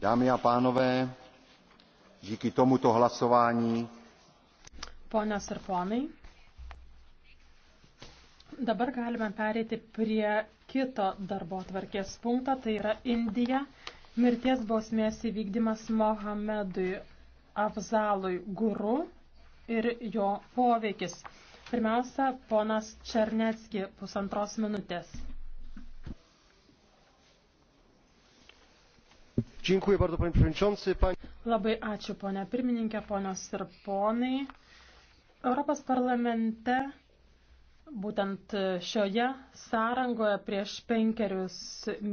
Dámy a pánové, díky tomuto hlasování. Ponios ir ponai, dabar galime pereiti prie kito darbo atvarkės punkto, tai yra Indija, mirties bausmės įvykdymas Mohamedui Afzalui Guru ir jo poveikis. Pirmiausia, ponas Černecki pusantros minutės. Dziękuję bardzo, panie przewodniczący. Pani... Labai ačiū, ponia pirmininkė, ponios ir ponai. Europos parlamente būtent šioje sąrangoje prieš penkerius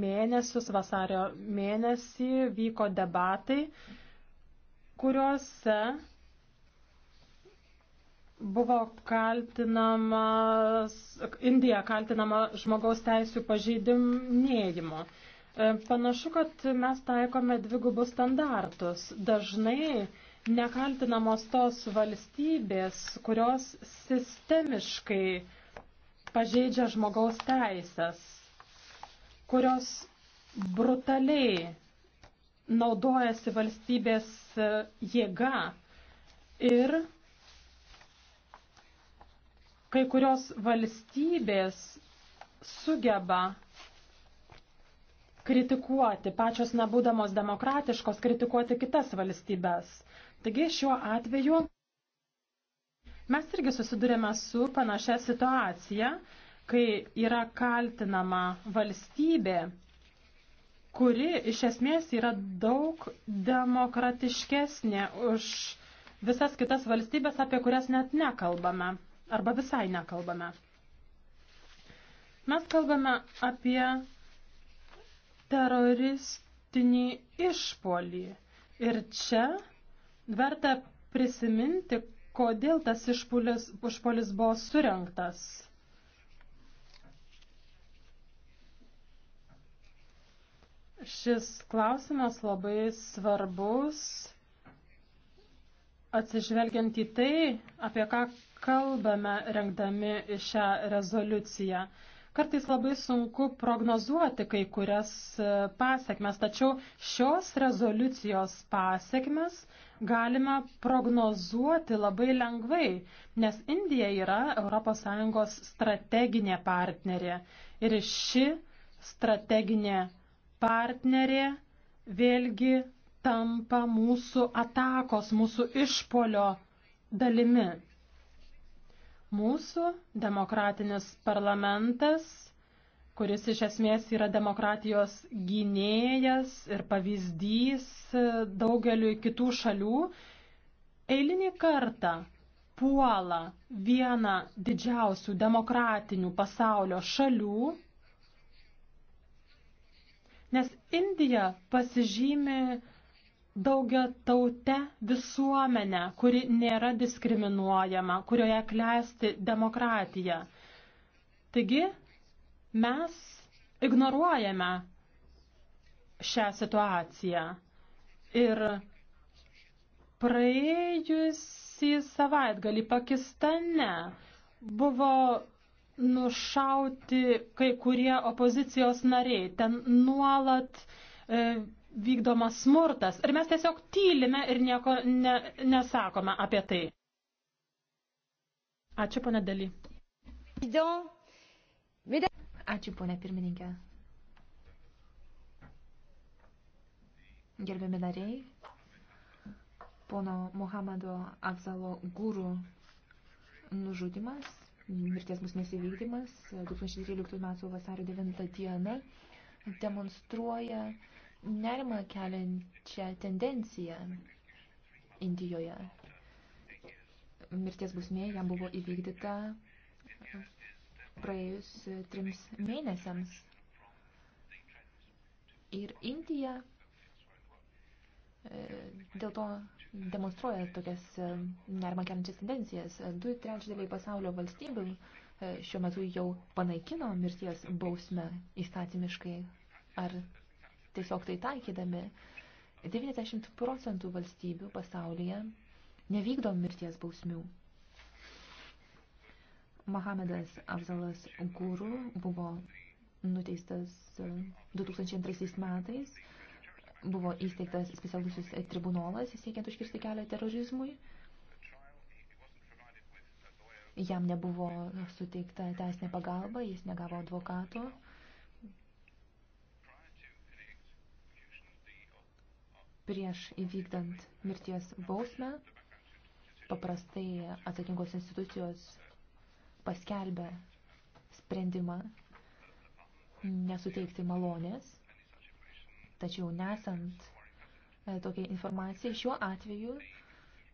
mėnesius, vasario mėnesį, vyko debatai, kuriuose buvo kaltinamas, Indija kaltinama žmogaus teisų pažeidimėjimu. E, panašu, kad mes taikome dvigubus standartus. Dažnai nekaltinamos tos valstybės, kurios sistemiškai pažeidžia žmogaus teisės, kurios brutaliai naudojasi valstybės e, jėga ir kai kurios valstybės sugeba kritikuoti, pačios nebūdamos demokratiškos, kritikuoti kitas valstybės. Taigi šiuo atveju mes irgi susidurėme su panašia situacija, kai yra kaltinama valstybė, kuri iš esmės yra daug demokratiškesnė už visas kitas valstybės, apie kurias net nekalbame arba visai nekalbame. Mes kalbame apie teroristinį išpolį. Ir čia verta prisiminti, kodėl tas išpolis, išpolis buvo surinktas. Šis klausimas labai svarbus, atsižvelgiant į tai, apie ką kalbame rengdami šią rezoliuciją. Kartais labai sunku prognozuoti kai kurias e, pasiekmes, tačiau šios rezoliucijos pasiekmes galime prognozuoti labai lengvai, nes Indija yra ES strateginė partnerė ir ši strateginė partnerė vėlgi tampa mūsų atakos, mūsų išpolio dalimi. Mūsų demokratinis parlamentas, kuris iš esmės yra demokratijos gynėjas ir pavyzdys daugeliu kitų šalių, eilinį kartą puola vieną didžiausių demokratinių pasaulio šalių, nes Indija pasižymi daugia tautę visuomenę, kuri nėra diskriminuojama, kurioje klesti demokratija. Taigi mes ignoruojame šią situaciją. Ir praėjusį savaitgalį Pakistane buvo nušauti kai kurie opozicijos nariai. Ten nuolat e, vykdomas smurtas. Ir mes tiesiog tylime ir nieko ne, nesakome apie tai. Ačiū, ponė Daly. Ačiū, ponė pirmininkė. Gerbiami nariai, pono Muhamado Afzalo gūrų nužudimas, mirties musmės įvykdymas 2013 m. vasario 9 dieną demonstruoja uh, nerimą keliančią tendenciją Indijoje. Mirties bausmė jam buvo įvykdyta praėjus trims mėnesiams. Ir Indija e, dėl to demonstruoja tokias e, nerimą keliančias tendencijas. Du trečdaliai pasaulio valstybių e, šiuo metu jau panaikino mirties bausmę įstatymiškai. Ar tiesiog tai taikydami. 90 procentų valstybių pasaulyje nevykdo mirties bausmių. Mohamedas Afzalas Guru buvo nuteistas 2002 e, metais, buvo įsteigtas specialusis e, tribunolas, siekiant užkirsti kelią terorizmui. Jam nebuvo suteikta teisinė pagalba, jis negavo advokato. prieš įvykdant mirties bausmę. Paprastai atsakingos institucijos paskelbia sprendimą nesuteikti malonės, tačiau nesant e, tokiai informacijai šiuo atveju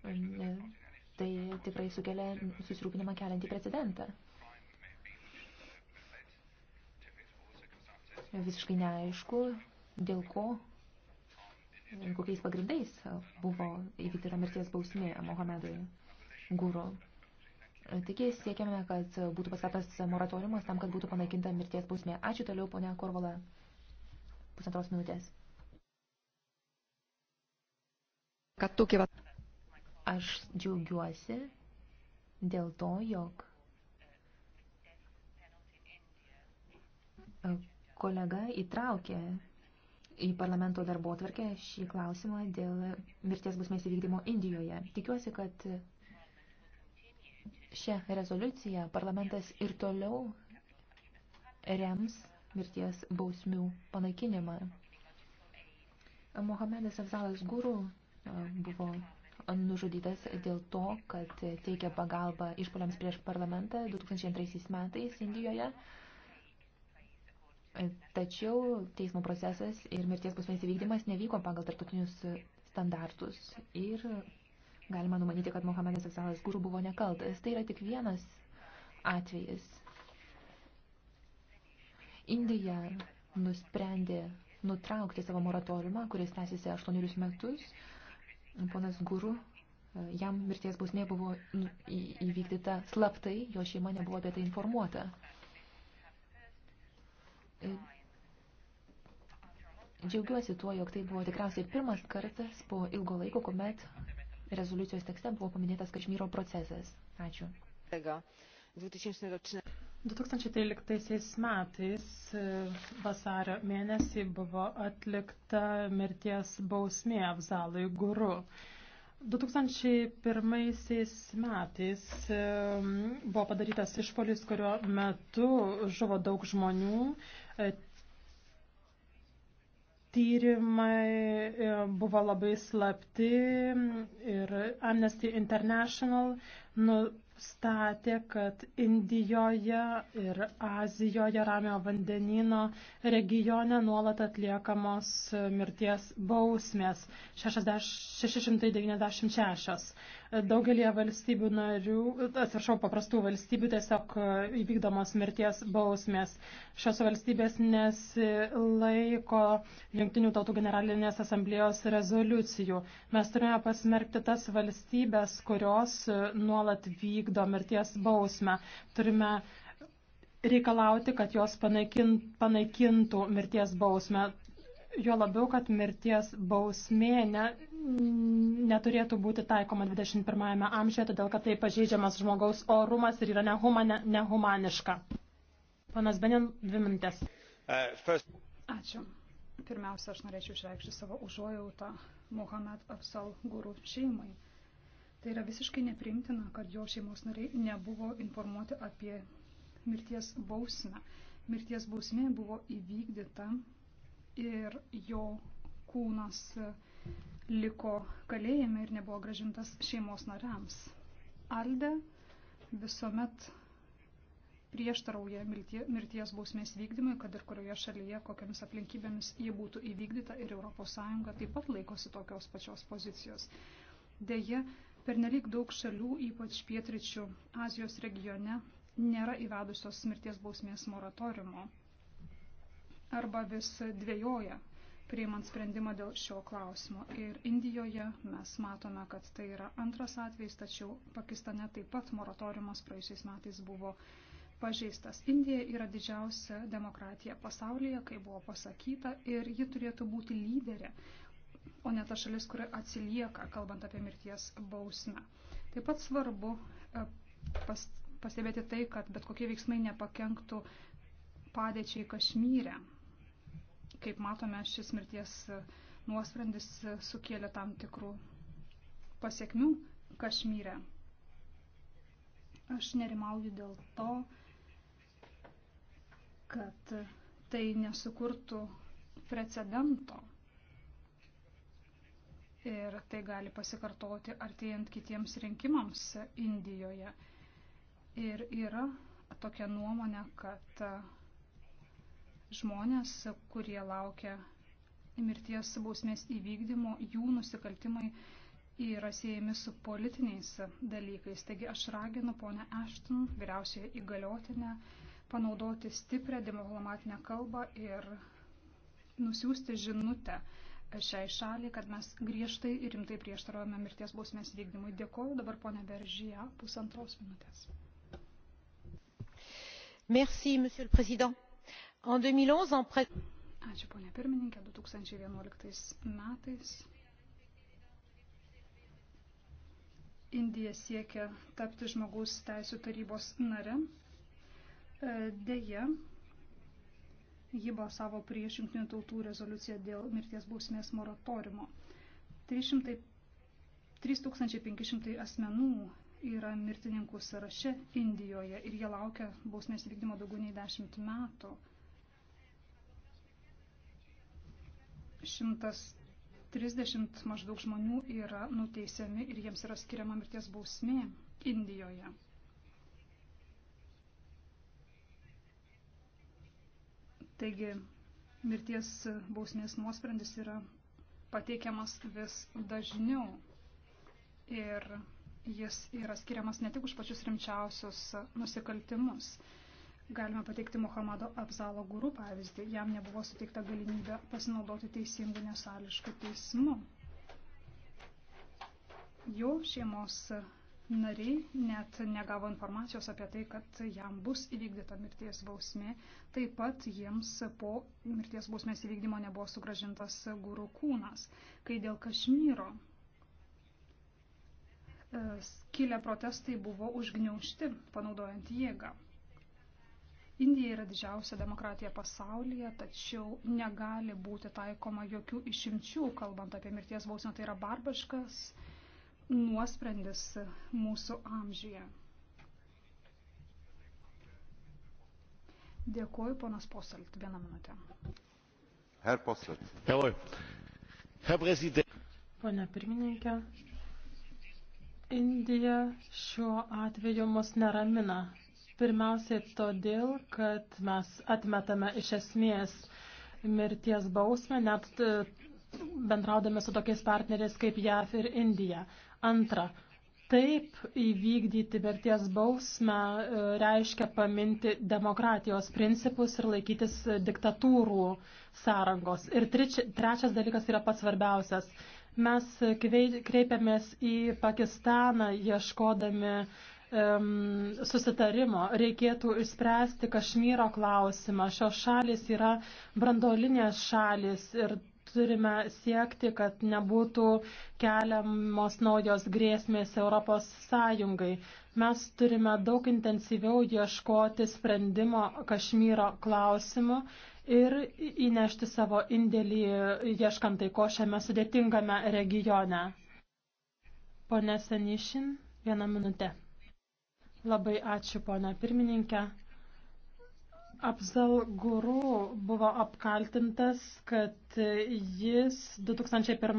e, tai tikrai sukelia susirūpinimą keliantį precedentą. Visiškai neaišku, dėl ko kokiais pagrindais buvo įvykdyta mirties bausmė Mohamedui Gūro. Taigi siekiame, kad būtų paskatas moratoriumas tam, kad būtų panaikinta mirties bausmė. Ačiū toliau, ponia Korvola, pusantros minutės. Aš džiaugiuosi dėl to, jog kolega įtraukė į parlamento darbo atvarkę šį klausimą dėl mirties busmės įvykdymo Indijoje. Tikiuosi, kad šią rezoliuciją parlamentas ir toliau rems mirties bausmių panaikinimą. Mohamedas Afzalas Guru buvo nužudytas dėl to, kad teikė pagalbą išpoliams prieš parlamentą 2002 metais Indijoje. Tačiau teismo procesas ir mirties bausmės įvykdymas nevyko pagal tarptautinius standartus ir galima numanyti, kad Mohamedas Aksalas Guru buvo nekaltas. Tai yra tik vienas atvejis. Indija nusprendė nutraukti savo moratoriumą, kuris tęsiasi aštuonerius metus. Ponas Guru, jam mirties bausmė buvo įvykdyta slaptai, jo šeima nebuvo apie tai informuota. Džiaugiuosi tuo, jog tai buvo tikriausiai pirmas kartas po ilgo laiko, kuomet rezoliucijos tekste buvo paminėtas Kašmyro procesas. Ačiū. 2013 metais e, vasario mėnesį buvo atlikta mirties bausmė Avzalui Guru. 2001 metais e, buvo padarytas išpolis, kurio metu žuvo daug žmonių, tyrimai e, buvo labai slapti ir Amnesty International nu, nustatė, kad Indijoje ir Azijoje ramio vandenino regione nuolat atliekamos mirties bausmės 696. Daugelie valstybių narių, atsiprašau, paprastų valstybių tiesiog įvykdomos mirties bausmės. Šios valstybės nesilaiko Junktinių tautų generalinės asamblėjos rezoliucijų. Mes turime pasmerkti tas valstybės, kurios nuolat vykdo vykdo mirties bausmę. Turime reikalauti, kad jos panaikintų mirties bausmę. Jo labiau, kad mirties bausmė ne, neturėtų būti taikoma 21 amžiuje, todėl kad tai pažeidžiamas žmogaus orumas ir yra nehumane, nehumaniška. Panas Benin, dvi minutės. Uh, Ačiū. Pirmiausia, aš norėčiau išreikšti savo užuojautą Muhammad Afsal Guru šeimai. Tai yra visiškai nepriimtina, kad jo šeimos nariai nebuvo informuoti apie mirties bausmę. Mirties bausmė buvo įvykdyta ir jo kūnas liko kalėjime ir nebuvo gražintas šeimos nariams. Alde visuomet prieštarauja mirties bausmės vykdymui, kad ir kurioje šalyje, kokiamis aplinkybėmis ji būtų įvykdyta ir ES taip pat laikosi tokios pačios pozicijos. Deja, Pernelyg daug šalių, ypač pietričių Azijos regione, nėra įvedusios mirties bausmės moratoriumo arba vis dvėjoja priimant sprendimą dėl šio klausimo. Ir Indijoje mes matome, kad tai yra antras atvejs, tačiau Pakistane taip pat moratoriumas praėjusiais metais buvo pažeistas. Indija yra didžiausia demokratija pasaulyje, kaip buvo pasakyta, ir ji turėtų būti lyderė o ne ta šalis, kuri atsilieka, kalbant apie mirties bausmę. Taip pat svarbu e, pas, pastebėti tai, kad bet kokie veiksmai nepakenktų padėčiai Kašmyre. Kaip matome, šis mirties e, nuosprendis e, sukėlė tam tikrų pasiekmių Kašmyre. Aš nerimauju dėl to, kad tai nesukurtų precedento ir tai gali pasikartoti artėjant kitiems rinkimams Indijoje. Ir yra tokia nuomonė, kad žmonės, kurie laukia mirties bausmės įvykdymo, jų nusikaltimai yra siejami su politiniais dalykais. Taigi aš raginu ponę Ashton, vyriausioje įgaliotinę, panaudoti stiprią diplomatinę kalbą ir nusiųsti žinutę šiai šaliai, kad mes griežtai ir rimtai prieštaravome mirties bausmės vykdymui. Dėkoju dabar ponė Beržyje pusantros minutės. Merci, monsieur le président. En 2011, en pre... Ačiū, ponė pirmininkė, 2011 metais Indija siekia tapti žmogaus teisų tarybos nare. Deja, Ji balsavo prieš jungtinių tautų rezoliuciją dėl mirties bausmės moratorimo. 300, 3500 asmenų yra mirtininkų sąraše Indijoje ir jie laukia bausmės vykdymo daugiau nei 10 metų. 130 maždaug žmonių yra nuteisiami ir jiems yra skiriama mirties bausmė Indijoje. Taigi mirties bausmės nuosprendis yra pateikiamas vis dažniau ir jis yra skiriamas ne tik už pačius rimčiausius nusikaltimus. Galime pateikti Muhammado Abzalo gurų pavyzdį. Jam nebuvo suteikta galimybė pasinaudoti teisingu nesališku teismu. Jo šeimos nariai net negavo informacijos apie tai, kad jam bus įvykdyta mirties bausmė. Taip pat jiems po mirties bausmės įvykdymo nebuvo sugražintas gūrų kūnas. Kai dėl Kašmyro e, kilę protestai buvo užgniaušti, panaudojant jėgą. Indija yra didžiausia demokratija pasaulyje, tačiau negali būti taikoma jokių išimčių, kalbant apie mirties bausmę. Tai yra barbaškas nuosprendis mūsų amžiuje. Dėkuoju, ponas Posalt, vieną minutę. Herr Posalt. Herr, Herr Prezident. Pone pirmininkė, Indija šiuo atveju mus neramina. Pirmiausiai todėl, kad mes atmetame iš esmės mirties bausmę, net e, bendraudami su tokiais partneriais kaip JAF ir Indija. Antra, taip įvykdyti verties bausmę e, reiškia paminti demokratijos principus ir laikytis e, diktatūrų sąrangos. Ir trečias dalykas yra pats svarbiausias. Mes kreipiamės į Pakistaną ieškodami um, susitarimo. Reikėtų išspręsti Kašmyro klausimą. Šios šalis yra brandolinės šalis ir turime siekti, kad nebūtų keliamos naujos grėsmės Europos Sąjungai. Mes turime daug intensyviau ieškoti sprendimo Kašmyro klausimu ir įnešti savo indėlį ieškant taiko šiame sudėtingame regione. Pone Senišin, vieną minutę. Labai ačiū, ponia pirmininkė. Apzal Guru buvo apkaltintas, kad jis 2001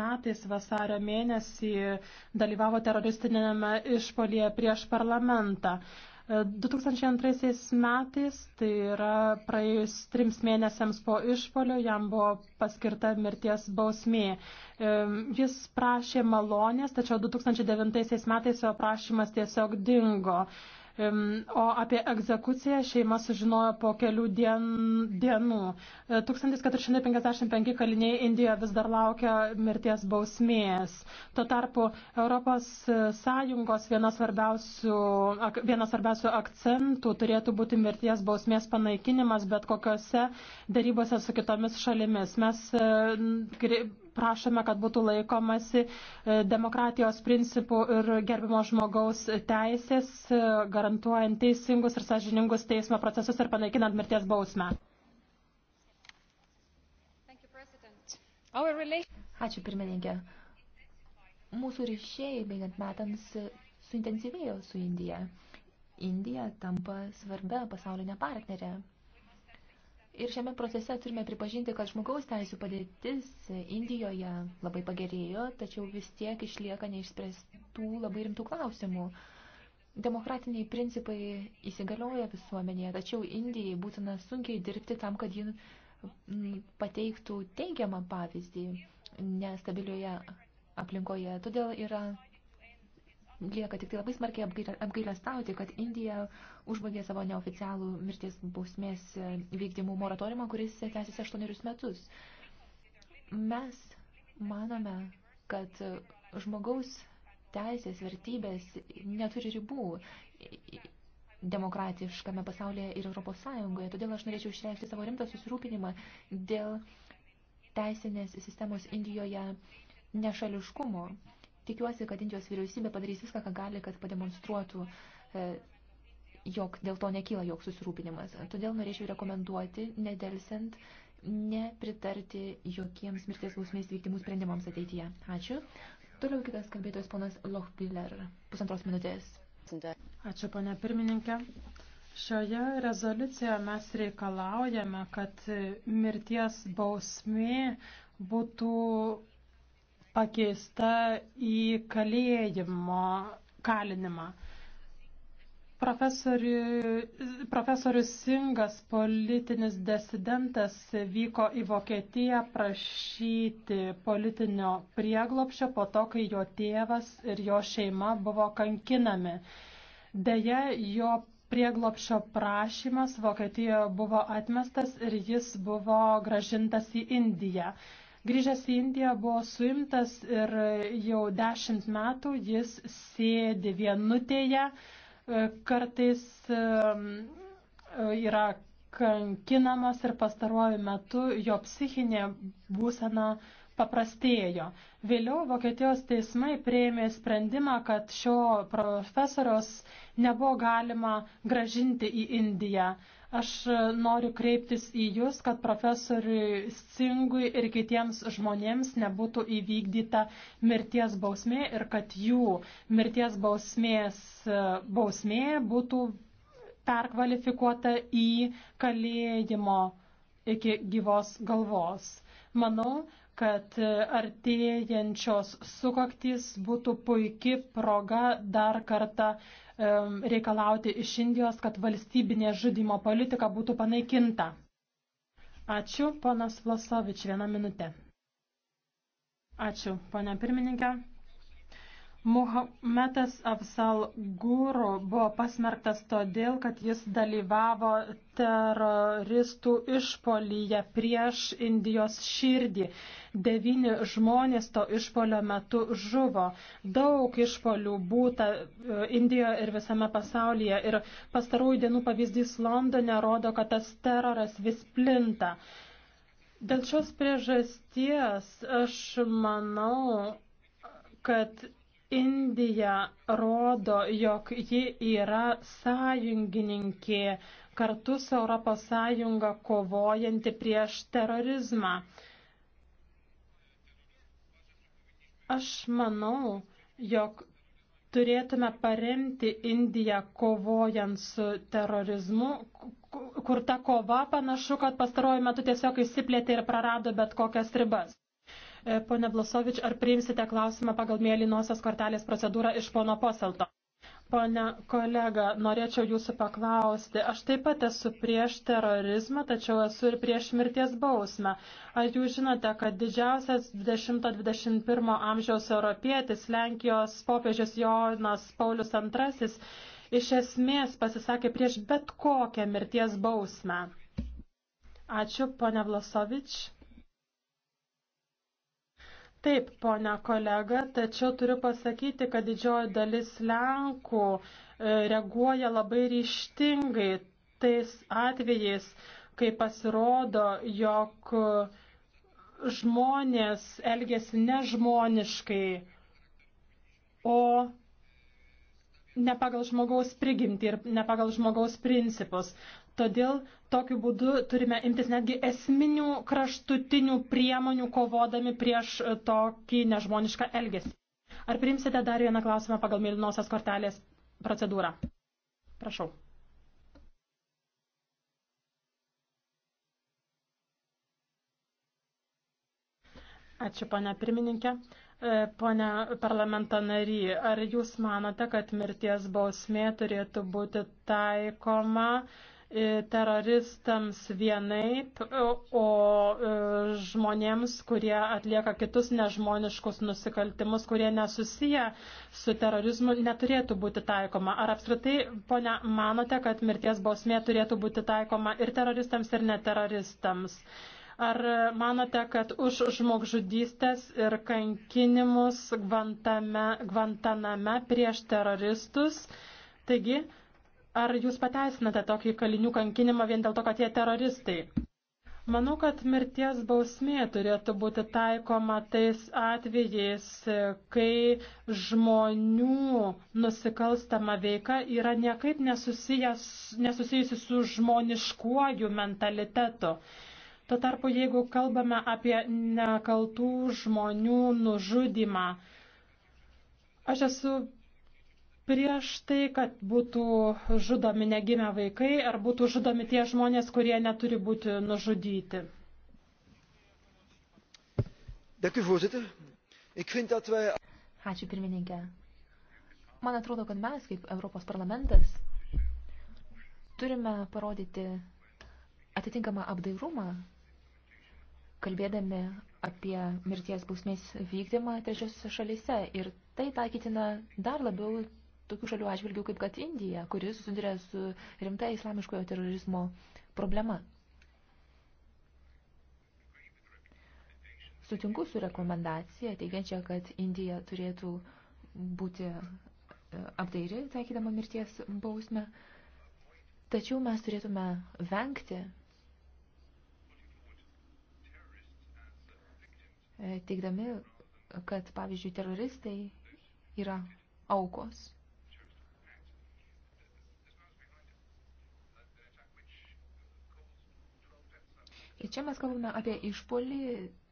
metais vasario mėnesį dalyvavo teroristinėme išpolyje prieš parlamentą. 2002 metais, tai yra praėjus trims mėnesiams po išpolio, jam buvo paskirta mirties bausmė. Jis prašė malonės, tačiau 2009 metais jo prašymas tiesiog dingo. O apie egzekuciją šeima sužinojo po kelių dien, dienų. 1455 e, kaliniai Indijoje vis dar laukia mirties bausmės. Tuo tarpu Europos Sąjungos vienas svarbiausių, vienas svarbiausių akcentų turėtų būti mirties bausmės panaikinimas bet kokiose darybose su kitomis šalimis. Mes e, prašome, kad būtų laikomasi e, demokratijos principų ir gerbimo žmogaus teisės, e, garantuojant teisingus ir sažiningus teismo procesus ir panaikinant mirties bausmę. Ačiū pirmininkė. Mūsų ryšiai, bėgant metams, suintensyvėjo su Indija. Indija tampa svarbia pasaulinė partnerė Ir šiame procese turime pripažinti, kad žmogaus teisų padėtis Indijoje labai pagerėjo, tačiau vis tiek išlieka neišspręstų labai rimtų klausimų. Demokratiniai principai įsigalioja visuomenėje, tačiau Indijai būtina sunkiai dirbti tam, kad ji mm, pateiktų teigiamą pavyzdį nestabilioje aplinkoje. Todėl yra Lieka tik tai labai smarkiai apgailę stauti, kad Indija užbaigė savo neoficialų mirties bausmės e, vykdymų moratoriumą, kuris tęsiasi aštuonerius metus. Mes manome, kad žmogaus teisės, vertybės neturi ribų demokratiškame pasaulyje ir Europos Sąjungoje. Todėl aš norėčiau išreikšti savo rimtą susirūpinimą dėl teisinės sistemos Indijoje nešališkumo. Tikiuosi, kad Indijos vyriausybė padarys viską, ką gali, kad pademonstruotų, e, jog dėl to nekyla joks susirūpinimas. Todėl norėčiau rekomenduoti, nedelsiant, nepritarti jokiems mirties bausmės vykdymų sprendimams ateityje. Ačiū. Toliau kitas kalbėtojas ponas Lochbiller. Pusantros minutės. Ačiū, ponė pirmininkė. Šioje rezoliucijoje mes reikalaujame, kad mirties bausmė būtų pakeista į kalėjimo kalinimą. Profesorius Singas, politinis desidentas, vyko į Vokietiją prašyti politinio prieglopščio po to, kai jo tėvas ir jo šeima buvo kankinami. Deja, jo prieglopščio prašymas Vokietijoje buvo atmestas ir jis buvo gražintas į Indiją. Grįžęs į Indiją buvo suimtas ir jau dešimt metų jis sėdi vienutėje, e, kartais e, e, yra kankinamas ir pastaruoju metu jo psichinė būsena paprastėjo. Vėliau Vokietijos teismai prieėmė sprendimą, kad šio profesoriaus nebuvo galima gražinti į Indiją. Aš e, noriu kreiptis į Jūs, kad profesoriui Singui ir kitiems žmonėms nebūtų įvykdyta mirties bausmė ir kad jų mirties bausmės e, bausmė būtų perkvalifikuota į kalėjimo iki gyvos galvos. Manau, kad e, artėjančios sukaktys būtų puikia proga dar kartą uh, reikalauti iš Indijos, kad valstybinė žudimo politika būtų panaikinta. Ačiū, ponas Vlasovič, vieną minutę. Ačiū, ponia pirmininkė. Muhammedas Afsal Guru buvo pasmerktas todėl, kad jis dalyvavo teroristų išpolyje prieš Indijos širdį. Devini žmonės to išpolio metu žuvo. Daug išpolių būta e, Indijoje ir visame pasaulyje. Ir pastarųjų dienų pavyzdys Londone rodo, kad tas teroras vis plinta. Dėl šios priežasties aš manau, kad Indija rodo, jog ji yra sąjungininkė kartu su ES kovojanti prieš terorizmą. Aš manau, jog turėtume paremti Indiją kovojant su terorizmu, kur ta kova panašu, kad pastaruoju metu tiesiog įsiplėtė ir prarado bet kokias ribas. E, pone Blasovič, ar priimsite klausimą pagal mėlynosios kortelės procedūrą iš pono Poselto? Pone kolega, norėčiau jūsų paklausti, aš taip pat esu prieš terorizmą, tačiau esu ir prieš mirties bausmę. Ar jūs žinote, kad didžiausias 20-21 amžiaus europietis, Lenkijos popiežius Jonas Paulius II, iš esmės pasisakė prieš bet kokią mirties bausmę? Ačiū, ponia Vlasovič. Taip, ponia kolega, tačiau turiu pasakyti, kad didžioji dalis Lenkų e, reaguoja labai ryštingai tais atvejais, kai pasirodo, jog žmonės elgesi nežmoniškai, o ne pagal žmogaus prigimtį ir ne pagal žmogaus principus. Todėl tokiu būdu turime imtis netgi esminių kraštutinių priemonių kovodami prieš e, tokį nežmonišką elgesį. Ar priimsite dar vieną klausimą pagal mėlynosios kortelės procedūrą? Prašau. Ačiū, ponia pirmininkė. E, Pone parlamento nary, ar jūs manote, kad mirties bausmė turėtų būti taikoma uh, E, teroristams vienaip, o e, žmonėms, kurie atlieka kitus nežmoniškus nusikaltimus, kurie nesusiję su terorizmu, neturėtų būti taikoma. Ar apskritai, ponia, manote, kad mirties bausmė turėtų būti taikoma ir teroristams, ir neteroristams? Ar manote, kad už žmogžudystės ir kankinimus Gvantame, Gvantaname prieš teroristus, taigi Ar jūs pateisinate tokį kalinių kankinimą vien dėl to, kad jie teroristai? Manau, kad mirties bausmė turėtų būti taikoma tais atvejais, kai žmonių nusikalstama veika yra niekaip nesusijusi su žmoniškuoju mentalitetu. Tuo tarpu, jeigu kalbame apie nekaltų žmonių nužudimą, aš esu prieš tai, kad būtų žudomi negimę vaikai ar būtų žudomi tie žmonės, kurie neturi būti nužudyti. Ačiū pirmininkė. Man atrodo, kad mes, kaip Europos parlamentas, turime parodyti atitinkamą apdairumą, kalbėdami apie mirties bausmės vykdymą trečiosiuose šalyse. Ir tai taikytina dar labiau tokių šalių atžvilgių kaip kad Indija, kuri susiduria su rimta islamiškojo terorizmo problema. Sutinku su rekomendacija, teigiančia, kad Indija turėtų būti e, apdairi, taikydama mirties bausmę. Tačiau mes turėtume vengti e, teikdami, kad, pavyzdžiui, teroristai yra aukos. Ir čia mes kalbame apie išpolį,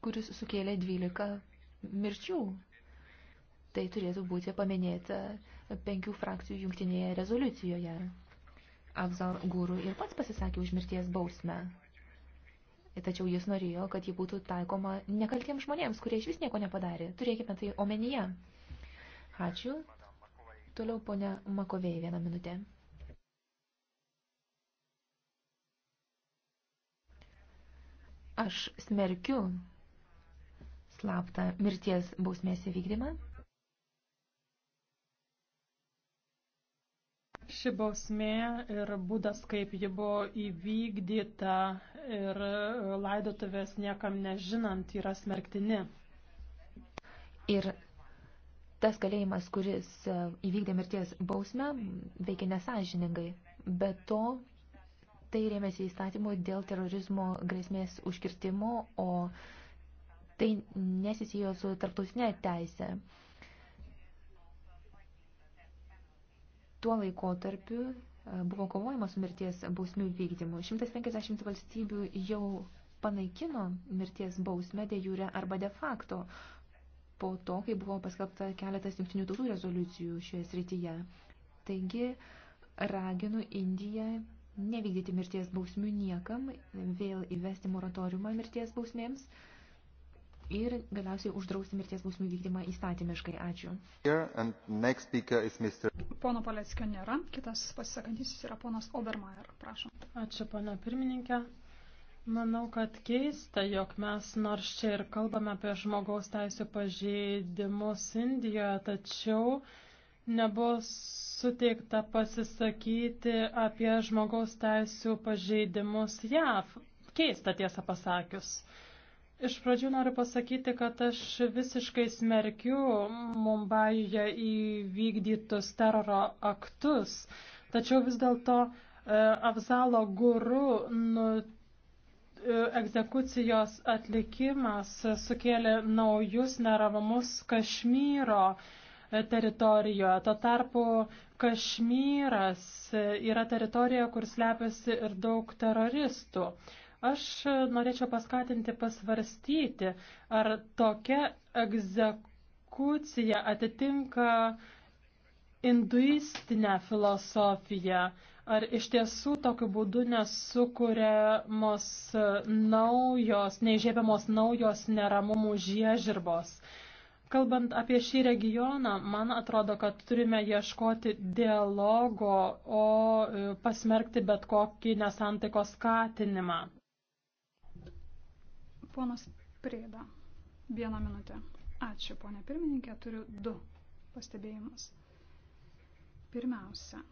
kuris sukėlė 12 mirčių. Tai turėtų būti paminėta penkių frakcijų jungtinėje rezoliucijoje. Avzal Gūrų ir pats pasisakė už mirties bausmę. Tačiau jis norėjo, kad ji būtų taikoma nekaltiems žmonėms, kurie iš vis nieko nepadarė. Turėkime tai omenyje. Ačiū. Toliau ponia Makovei vieną minutę. Aš smerkiu slaptą mirties bausmės įvykdymą. Ši bausmė ir būdas, kaip ji buvo įvykdyta ir laidotuvės niekam nežinant, yra smerktini. Ir tas kalėjimas, kuris įvykdė mirties bausmę, veikia nesažiningai. Be to, tai rėmėsi įstatymu dėl terorizmo grėsmės užkirtimo, o tai nesisijo su tarptautinė teisė. Tuo laikotarpiu e, buvo kovojama su mirties bausmių vykdymu. 150 valstybių jau panaikino mirties bausmę de jure arba de facto po to, kai buvo paskelbta keletas jungtinių tautų rezoliucijų šioje srityje. Taigi, raginu Indiją nevykdyti mirties bausmių niekam, vėl įvesti moratoriumą mirties bausmėms ir galiausiai uždrausti mirties bausmių vykdymą įstatymiškai. Ačiū. Pono Paleckio nėra, kitas pasisakantysis yra ponas Obermeier. Prašom. Ačiū, pana pirmininkė. Manau, kad keista, jog mes nors čia ir kalbame apie žmogaus teisų pažeidimus Indijoje, tačiau nebus suteikta pasisakyti apie žmogaus teisų pažeidimus JAV. Keista tiesą pasakius. Iš pradžių noriu pasakyti, kad aš visiškai smerkiu Mumbajuje įvykdytus teroro aktus, tačiau vis dėlto e, Avzalo guru nu, e, egzekucijos atlikimas sukėlė naujus neramumus Kašmyro e, teritorijoje. Tuo tarpu Kašmyras yra teritorija, kur slepiasi ir daug teroristų. Aš norėčiau paskatinti pasvarstyti, ar tokia egzekucija atitinka induistinę filosofiją, ar iš tiesų tokiu būdu nesukūrėmos naujos, neižėpiamos naujos neramumų žiežirbos. Kalbant apie šį regioną, man atrodo, kad turime ieškoti dialogo, o e, pasmerkti bet kokį nesantaiko skatinimą. Ponas Prėda, vieną minutę. Ačiū, ponė pirmininkė, turiu du pastebėjimus. Pirmiausia,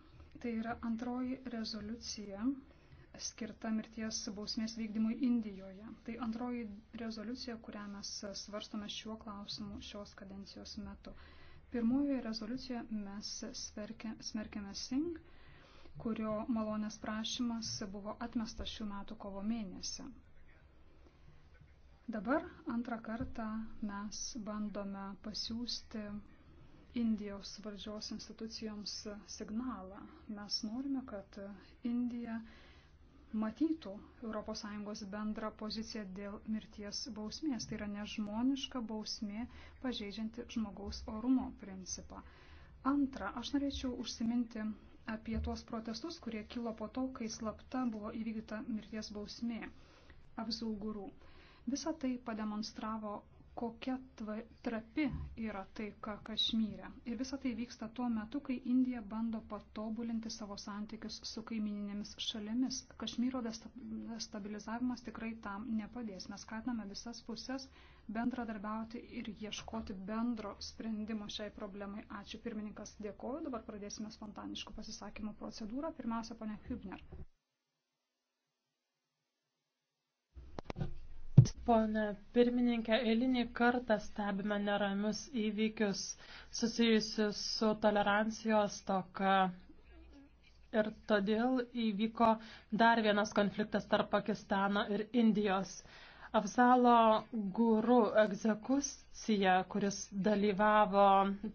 tai yra antroji rezoliucija skirta mirties bausmės vykdymui Indijoje. Tai antroji rezoliucija, kurią mes svarstome šiuo klausimu šios kadencijos metu. Pirmojoje rezoliucijoje mes smerkė, smerkėme Singh, kurio malonės prašymas buvo atmestas šių metų kovo mėnesį. Dabar antrą kartą mes bandome pasiūsti Indijos valdžios institucijoms signalą. Mes norime, kad Indija matytų ES bendrą poziciją dėl mirties bausmės. Tai yra nežmoniška bausmė pažeidžianti žmogaus orumo principą. Antra, aš norėčiau užsiminti apie tuos protestus, kurie kilo po to, kai slapta buvo įvykdyta mirties bausmė apsaugurų. Visą tai pademonstravo, kokia tva, trapi yra taika Kašmyre. Ir visa tai vyksta tuo metu, kai Indija bando patobulinti savo santykius su kaimininėmis šalimis. Kašmyro destabilizavimas tikrai tam nepadės. Mes skatiname visas pusės bendradarbiauti ir ieškoti bendro sprendimo šiai problemai. Ačiū pirmininkas, dėkoju. Dabar pradėsime spontaniškų pasisakymų procedūrą. Pirmiausia, ponia Hübner. Pone pirmininkė, eilinį kartą stebime neramius įvykius susijusius su tolerancijos toka. Ir todėl įvyko dar vienas konfliktas tarp Pakistano ir Indijos. Afzalo guru egzekucija, kuris dalyvavo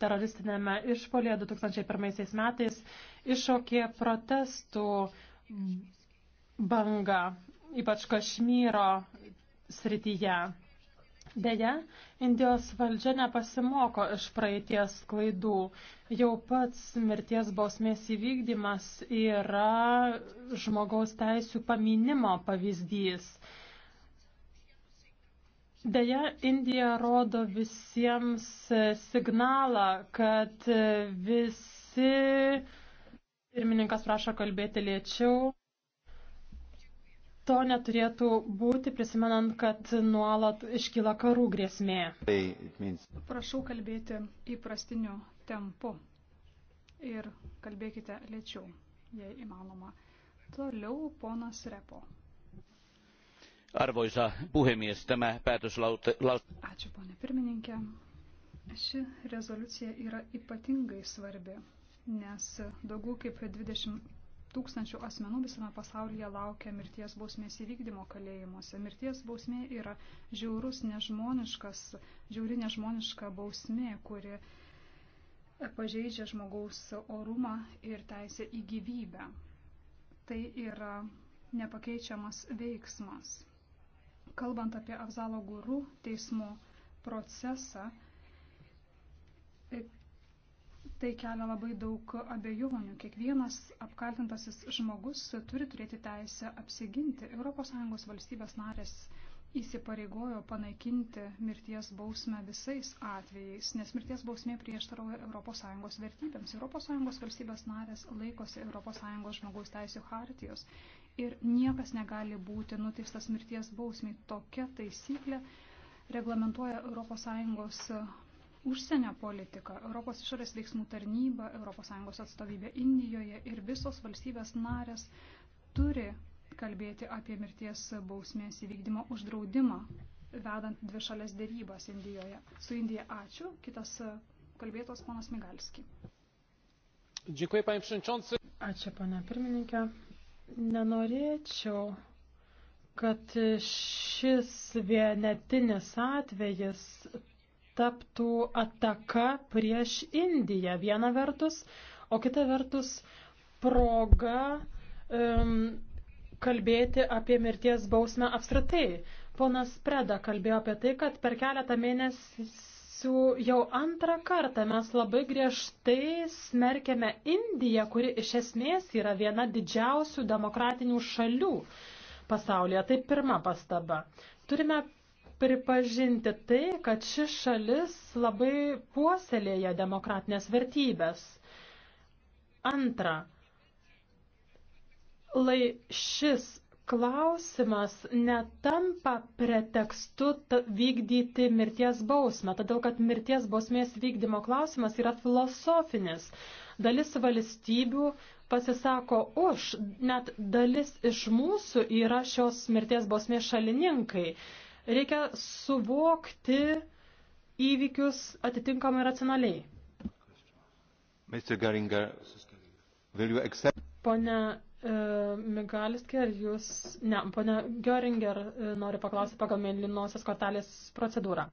teroristinėme išpolėje 2001 metais, iššokė protestų bangą, ypač Kašmyro srityje. Deja, Indijos valdžia nepasimoko iš praeities klaidų. Jau pats mirties bausmės įvykdymas yra žmogaus teisų paminimo pavyzdys. Deja, Indija rodo visiems signalą, kad visi. Pirmininkas prašo kalbėti lėčiau. To neturėtų būti, prisimenant, kad nuolat iškyla karų grėsmė. Tai Prašau kalbėti įprastiniu tempu ir kalbėkite lėčiau, jei įmanoma. Toliau ponas Repo. Arvoisa puhemies, tämä päätöslaute... Ačiū, ponė pirmininkė. Ši rezoliucija yra ypatingai svarbi, nes daugiau kaip 20 tūkstančių asmenų visame pasaulyje laukia mirties bausmės įvykdymo kalėjimuose. Mirties bausmė yra žiaurus, nežmoniškas, žiauri nežmoniška bausmė, kuri pažeidžia žmogaus orumą ir teisę į gyvybę. Tai yra nepakeičiamas veiksmas. Kalbant apie Avzalo gurų teismo procesą, Tai kelia labai daug abejonių. Kiekvienas apkaltintasis žmogus turi turėti teisę apsiginti. ES valstybės narės įsipareigojo panaikinti mirties bausmę visais atvejais, nes mirties bausmė prieštarauja ES vertybėms. ES valstybės narės laikosi ES žmogaus teisų hartijos ir niekas negali būti nuteistas mirties bausmiai. Tokia taisyklė reglamentuoja ES Užsienio politika, Europos išorės veiksmų tarnyba, ES atstovybė Indijoje ir visos valstybės narės turi kalbėti apie mirties bausmės įvykdymo uždraudimą, vedant dvi šalės dėrybas Indijoje. Su Indija ačiū. Kitas kalbėtos ponas Migalski. Dėkui, panie Pšenčionsui. Ačiū, pane pirmininkė. Nenorėčiau, kad šis vienetinis atvejis taptų ataka prieš Indiją viena vertus, o kita vertus proga um, kalbėti apie mirties bausmę apskritai. Ponas Preda kalbėjo apie tai, kad per keletą mėnesių jau antrą kartą mes labai griežtai smerkėme Indiją, kuri iš esmės yra viena didžiausių demokratinių šalių pasaulyje. Tai pirma pastaba. Turime pripažinti tai, kad ši šalis labai puoselėja demokratinės vertybės. Antra, lai šis klausimas netampa pretekstu vykdyti mirties bausmę, todėl kad mirties bausmės vykdymo klausimas yra filosofinis. Dalis valstybių pasisako už, net dalis iš mūsų yra šios mirties bausmės šalininkai. Reikia suvokti įvykius atitinkamai racionaliai. Mr. Garinger, will you accept... Pone e, Migaliski, ar jūs... Ne, pone Göringer e, nori paklausyti pagal mėlynosios kortelės procedūrą.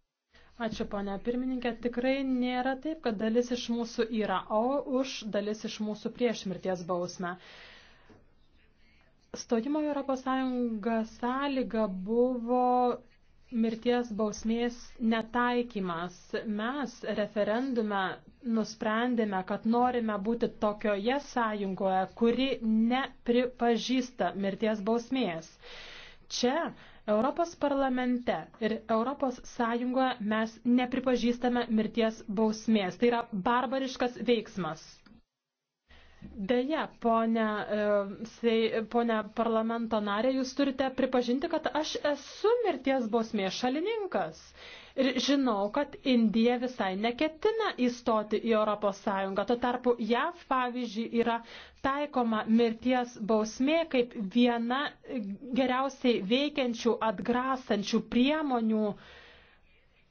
Ačiū, ponia pirmininkė. Tikrai nėra taip, kad dalis iš mūsų yra, o už dalis iš mūsų prieš mirties bausmę. Stojimo Europos Sąjunga sąlyga buvo mirties bausmės netaikymas. Mes referendume nusprendėme, kad norime būti tokioje sąjungoje, kuri nepripažįsta mirties bausmės. Čia Europos parlamente ir Europos Sąjungoje mes nepripažįstame mirties bausmės. Tai yra barbariškas veiksmas. Deja, e, ponia parlamento narė, jūs turite pripažinti, kad aš esu mirties bausmės šalininkas. Ir žinau, kad Indija visai neketina įstoti į Europos Sąjungą. Tuo tarpu JAV, pavyzdžiui, yra taikoma mirties bausmė kaip viena geriausiai veikiančių, atgrasančių priemonių uh,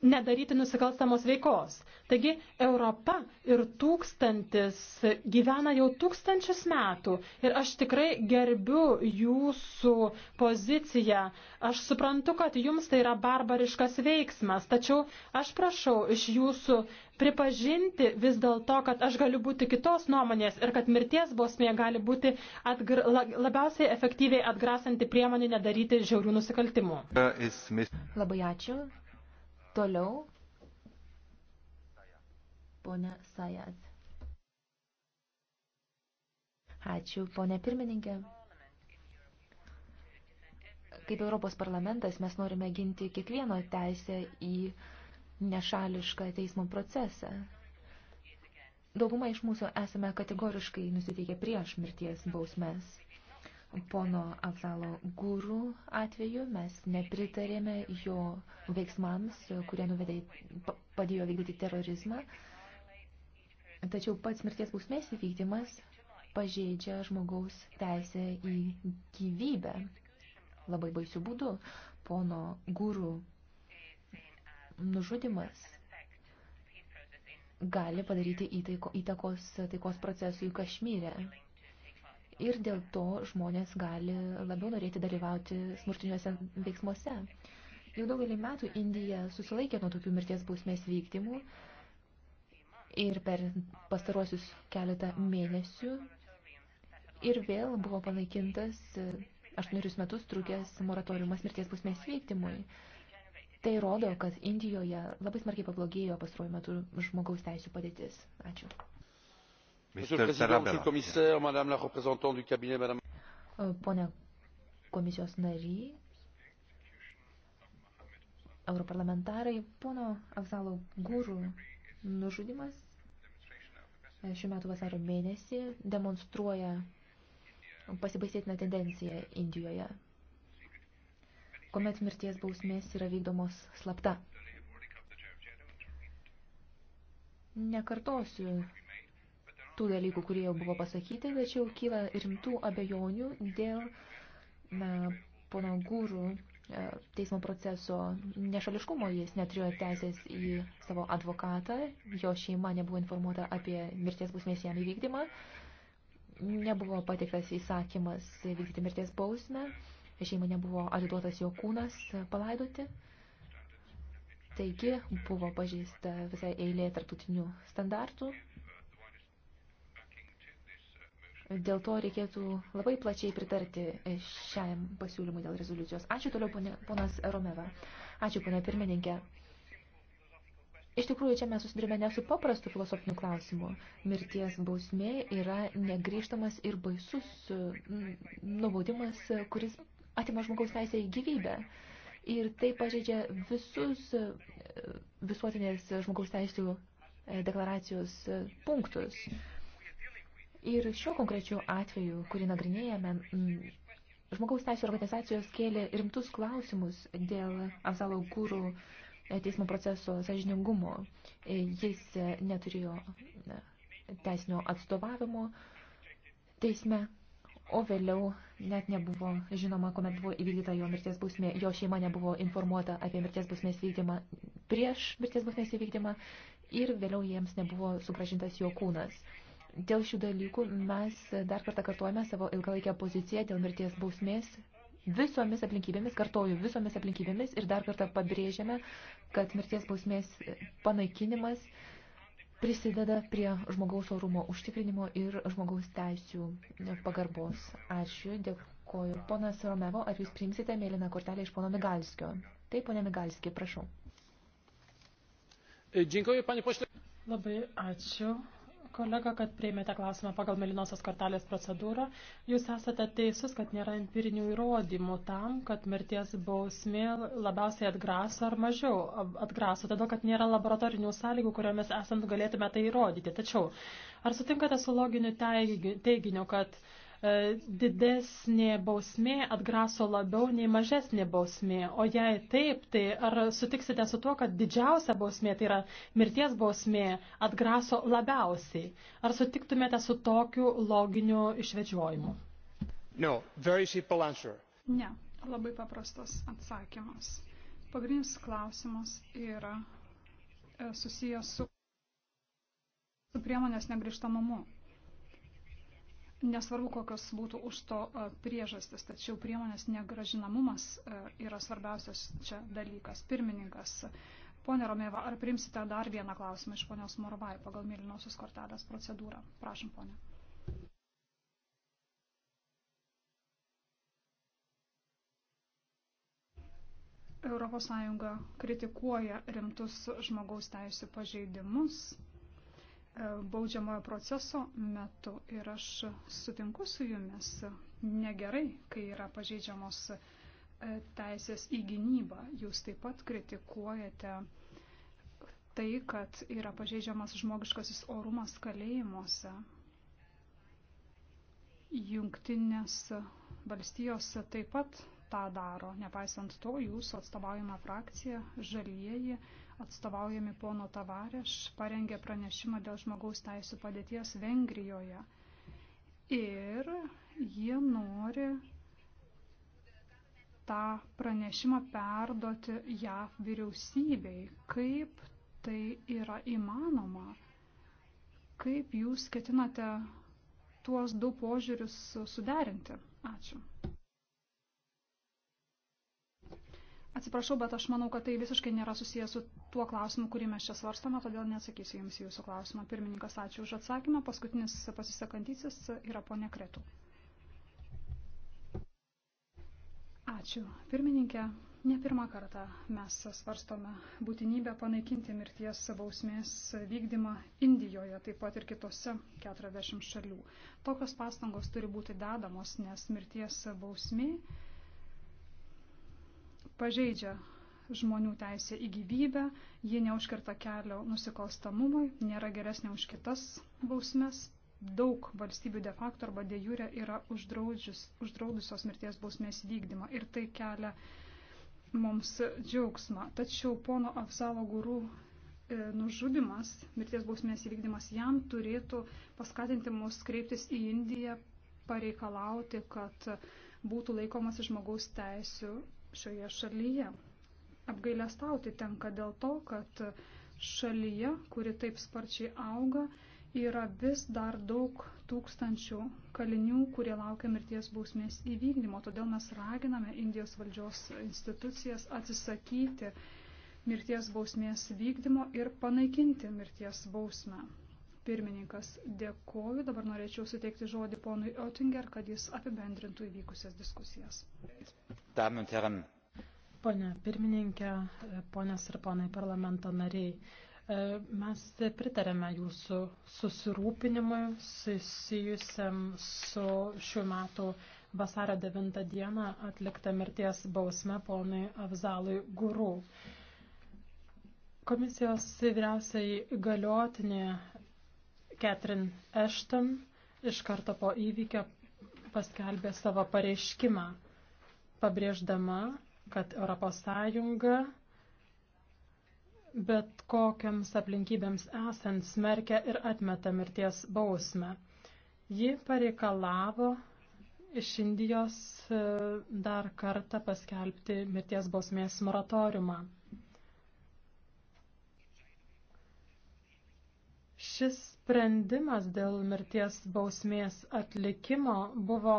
nedaryti nusikalstamos veikos. Taigi Europa ir tūkstantis gyvena jau tūkstančius metų ir aš tikrai gerbiu jūsų poziciją. Aš suprantu, kad jums tai yra barbariškas veiksmas, tačiau aš prašau iš jūsų pripažinti vis dėlto, kad aš galiu būti kitos nuomonės ir kad mirties bausmė gali būti atgr... labiausiai efektyviai atgrasanti priemonė nedaryti žiaurių nusikaltimų. Labai ačiū. Toliau. Pone Sajad. Ačiū, ponė pirmininkė. Kaip Europos parlamentas mes norime ginti kiekvieno teisę į nešališką teismo procesą. Dauguma iš mūsų esame kategoriškai nusiteikę prieš mirties bausmes pono Afzalo gūrų atveju. Mes nepritarėme jo veiksmams, kurie nuvedė, padėjo vykdyti terorizmą. Tačiau pats mirties bausmės įvykdymas pažeidžia žmogaus teisę į gyvybę. Labai baisių būdų pono gūrų nužudimas gali padaryti įtaiko, įtakos taikos procesui Kašmyre ir dėl to žmonės gali labiau norėti dalyvauti smurtiniuose veiksmuose. Jau daugelį metų Indija susilaikė nuo tokių mirties bausmės vykdymų ir per pastaruosius keletą mėnesių ir vėl buvo panaikintas e, aštuonerius metus trukęs moratoriumas mirties bausmės vykdymui. Tai rodo, kad Indijoje labai smarkiai pablogėjo pastaruoju metu žmogaus teisų padėtis. Ačiū. Monsieur le Président, Monsieur le Commissaire, Madame la représentante du cabinet, Madame. Euh, Pone komisijos nary, europarlamentarai, pono Avzalo Gūrų nužudimas e, šiuo metu vasario mėnesį demonstruoja pasibaisėtiną tendenciją Indijoje, kuomet mirties bausmės yra vykdomos slapta. Nekartosiu tų dalykų, kurie jau buvo pasakyti, tačiau kyla rimtų abejonių dėl na, pono gūrų e, teismo proceso nešališkumo. Jis neturėjo teisės į savo advokatą, jo šeima nebuvo informuota apie mirties bausmės jam įvykdymą, nebuvo pateiktas įsakymas vykdyti mirties bausmę, šeima nebuvo atiduotas jo kūnas palaidoti. Taigi buvo pažįsta visai eilė tarptautinių standartų Dėl to reikėtų labai plačiai pritarti šiam pasiūlymui dėl rezoliucijos. Ačiū toliau, ponė, ponas Romeva. Ačiū, ponė pirmininkė. Iš tikrųjų, čia mes susidurime ne su paprastu filosofiniu klausimu. Mirties bausmė yra negrįžtamas ir baisus mm, nubaudimas, kuris atima žmogaus teisę į gyvybę. Ir tai pažeidžia visus e, visuotinės žmogaus teisų e, deklaracijos e, punktus. Ir šiuo konkrečiu atveju, kurį nagrinėjame, mm, žmogaus teisų organizacijos kėlė rimtus klausimus dėl Azalo Gūrų e, teismo proceso sažiningumo. E, jis e, neturėjo teisinio atstovavimo teisme, o vėliau net nebuvo žinoma, kuomet buvo įvykdyta jo mirties bausmė. Jo šeima nebuvo informuota apie mirties bausmės vykdymą prieš mirties bausmės įvykdymą ir vėliau jiems nebuvo sugražintas jo kūnas. Dėl šių dalykų mes dar kartą kartuojame savo ilgalaikę poziciją dėl mirties bausmės visomis aplinkybėmis, kartoju, visomis aplinkybėmis ir dar kartą pabrėžiame, kad mirties bausmės panaikinimas prisideda prie žmogaus orumo užtikrinimo ir žmogaus teisių pagarbos. Ačiū, dėkoju. Ponas Romevo, ar jūs priimsite mėlyną kortelę iš pono Migalskio? Taip, pone Migalski, prašau. Dėkoju, panie pošlė. Labai ačiū, kolega, kad prieimėte klausimą pagal melinosios kortelės procedūrą. Jūs esate teisus, kad nėra empirinių įrodymų tam, kad mirties bausmė labiausiai atgraso ar mažiau atgraso, todėl kad nėra laboratorinių sąlygų, kuriomis esant galėtume tai įrodyti. Tačiau, ar sutinkate su loginiu teiginiu, kad uh, E, didesnė bausmė atgraso labiau nei mažesnė bausmė. O jei taip, tai ar sutiksite su tuo, kad didžiausia bausmė, tai yra mirties bausmė, atgraso labiausiai? Ar sutiktumėte su tokiu loginiu išvedžiojimu? No, very simple answer. Ne, labai paprastas atsakymas. Pagrindinis klausimas yra e, susijęs su, su priemonės negrižtamumu. Nesvarbu, kokios būtų už to priežastis, tačiau priemonės negražinamumas yra svarbiausias čia dalykas. Pirmininkas, ponė Romėva, ar priimsite dar vieną klausimą iš ponios Morvai pagal mėlynosios kortelės procedūrą? Prašom, ponė. ES kritikuoja rimtus žmogaus teisų pažeidimus baudžiamojo proceso metu ir aš sutinku su jumis negerai, kai yra pažeidžiamos e, teisės į gynybą. Jūs taip pat kritikuojate tai, kad yra pažeidžiamas žmogiškasis orumas kalėjimuose. Jungtinės valstijos taip pat tą daro. Nepaisant to, jūsų atstovaujama frakcija, žalieji, atstovaujami pono Tavareš, parengė pranešimą dėl žmogaus teisų padėties Vengrijoje. Ir jie nori tą pranešimą perduoti JAV vyriausybei. Kaip tai yra įmanoma? Kaip jūs ketinate tuos du požiūrius suderinti? Ačiū. Atsiprašau, bet aš manau, kad tai visiškai nėra susijęs su tuo klausimu, kurį mes čia svarstame, todėl neatsakysiu Jums jūsų klausimą. Pirmininkas, ačiū už atsakymą. Paskutinis pasisakantysis yra ponė Kretų. Ačiū. Pirmininkė, ne pirmą kartą mes svarstome būtinybę panaikinti mirties bausmės vykdymą Indijoje, taip pat ir kitose 40 šalių. Tokios pastangos turi būti dedamos, nes mirties bausmė pažeidžia žmonių teisę į gyvybę, ji neužkirta kelio nusikalstamumui, nėra geresnė už kitas bausmes. Daug valstybių de facto arba de jure yra uždraudusios mirties bausmės vykdymą ir tai kelia mums džiaugsmą. Tačiau pono Afsalo gurų e, nužudimas, mirties bausmės įvykdymas jam turėtų paskatinti mus kreiptis į Indiją, pareikalauti, kad būtų laikomas žmogaus teisų šioje šalyje. Apgailestauti tenka dėl to, kad šalyje, kuri taip sparčiai auga, yra vis dar daug tūkstančių kalinių, kurie laukia mirties bausmės įvykdymo. Todėl mes raginame Indijos valdžios institucijas atsisakyti mirties bausmės vykdymo ir panaikinti mirties bausmę. Pirmininkas, dėkoju. Dabar norėčiau suteikti žodį ponui Oettinger, kad jis apibendrintų įvykusias diskusijas. Pone pirmininkė, ponės ir ponai parlamento nariai, e, mes pritarėme jūsų susirūpinimui susijusiam su šiuo metu vasario 9 dieną atlikta mirties bausme ponui Avzalui Guru. Komisijos vyriausiai galiotinė Catherine Ashton iš karto po įvykio paskelbė savo pareiškimą, pabrėždama, kad ES bet kokiams aplinkybėms esant smerkia ir atmeta mirties bausmę. Ji pareikalavo iš Indijos e, dar kartą paskelbti mirties bausmės moratoriumą. Šis sprendimas dėl mirties bausmės atlikimo buvo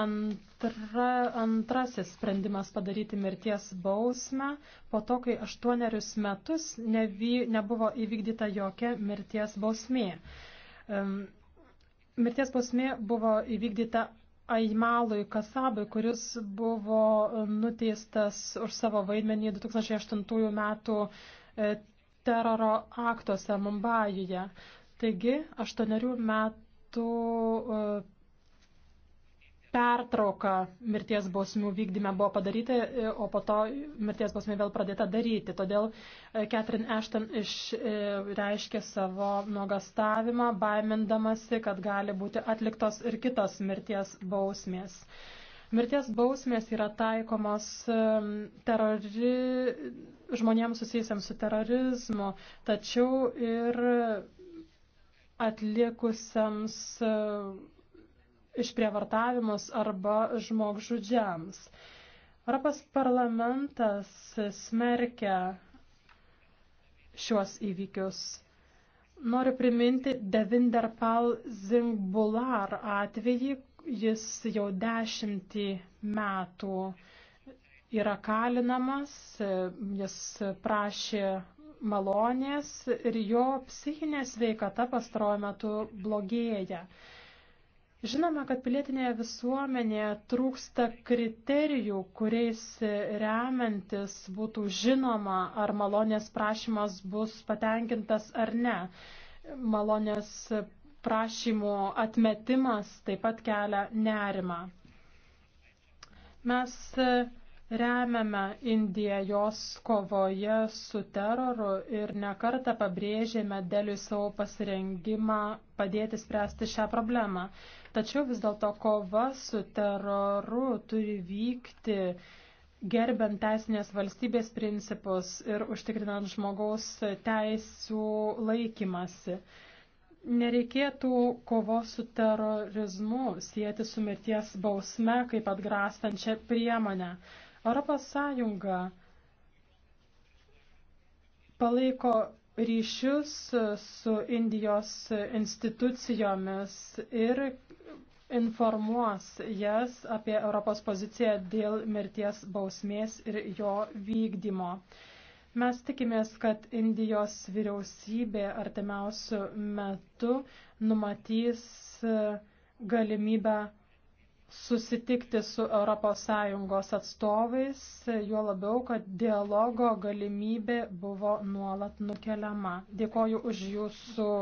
antra, antrasis sprendimas padaryti mirties bausmę po to, kai aštuonerius metus nevy, nebuvo įvykdyta jokia mirties bausmė. Um, mirties bausmė buvo įvykdyta Aimalui Kasabui, kuris buvo nuteistas už savo vaidmenį 2008 metų e, teroro aktuose Mumbajuje. Taigi, aštuonerių metų e, pertrauka mirties bausmių vykdyme buvo padaryta, e, o po to mirties bausmė vėl pradėta daryti. Todėl e, Catherine Ashton išreiškė savo nuogastavimą, baimindamasi, kad gali būti atliktos ir kitos mirties bausmės. Mirties bausmės yra taikomos terori... žmonėms susijusiams su terorizmu, tačiau ir atlikusiems e, išprievartavimus arba žmogžudžiams. Europos parlamentas smerkia šiuos įvykius. Noriu priminti Devinderpal Zingbular atvejį. Jis jau dešimtį metų yra kalinamas, jis prašė malonės ir jo psichinė sveikata pastaruoju metu blogėja. Žinome, kad pilietinėje visuomenėje trūksta kriterijų, kuriais remiantis būtų žinoma, ar malonės prašymas bus patenkintas ar ne. Malonės prašymų atmetimas taip pat kelia nerimą. Mes Remiame Indiją jos kovoje su teroru ir nekartą pabrėžėme dėliui savo pasirengimą padėti spręsti šią problemą. Tačiau vis dėlto kova su teroru turi vykti gerbent teisinės valstybės principus ir užtikrinant žmogaus teisų laikymasi. Nereikėtų kovos su terorizmu sieti su mirties bausme kaip atgrastančią priemonę. Europos Sąjunga palaiko ryšius su Indijos institucijomis ir informuos jas apie Europos poziciją dėl mirties bausmės ir jo vykdymo. Mes tikimės, kad Indijos vyriausybė artimiausių metų numatys galimybę susitikti su ES atstovais, juo labiau, kad dialogo galimybė buvo nuolat nukeliama. Dėkoju už jūsų.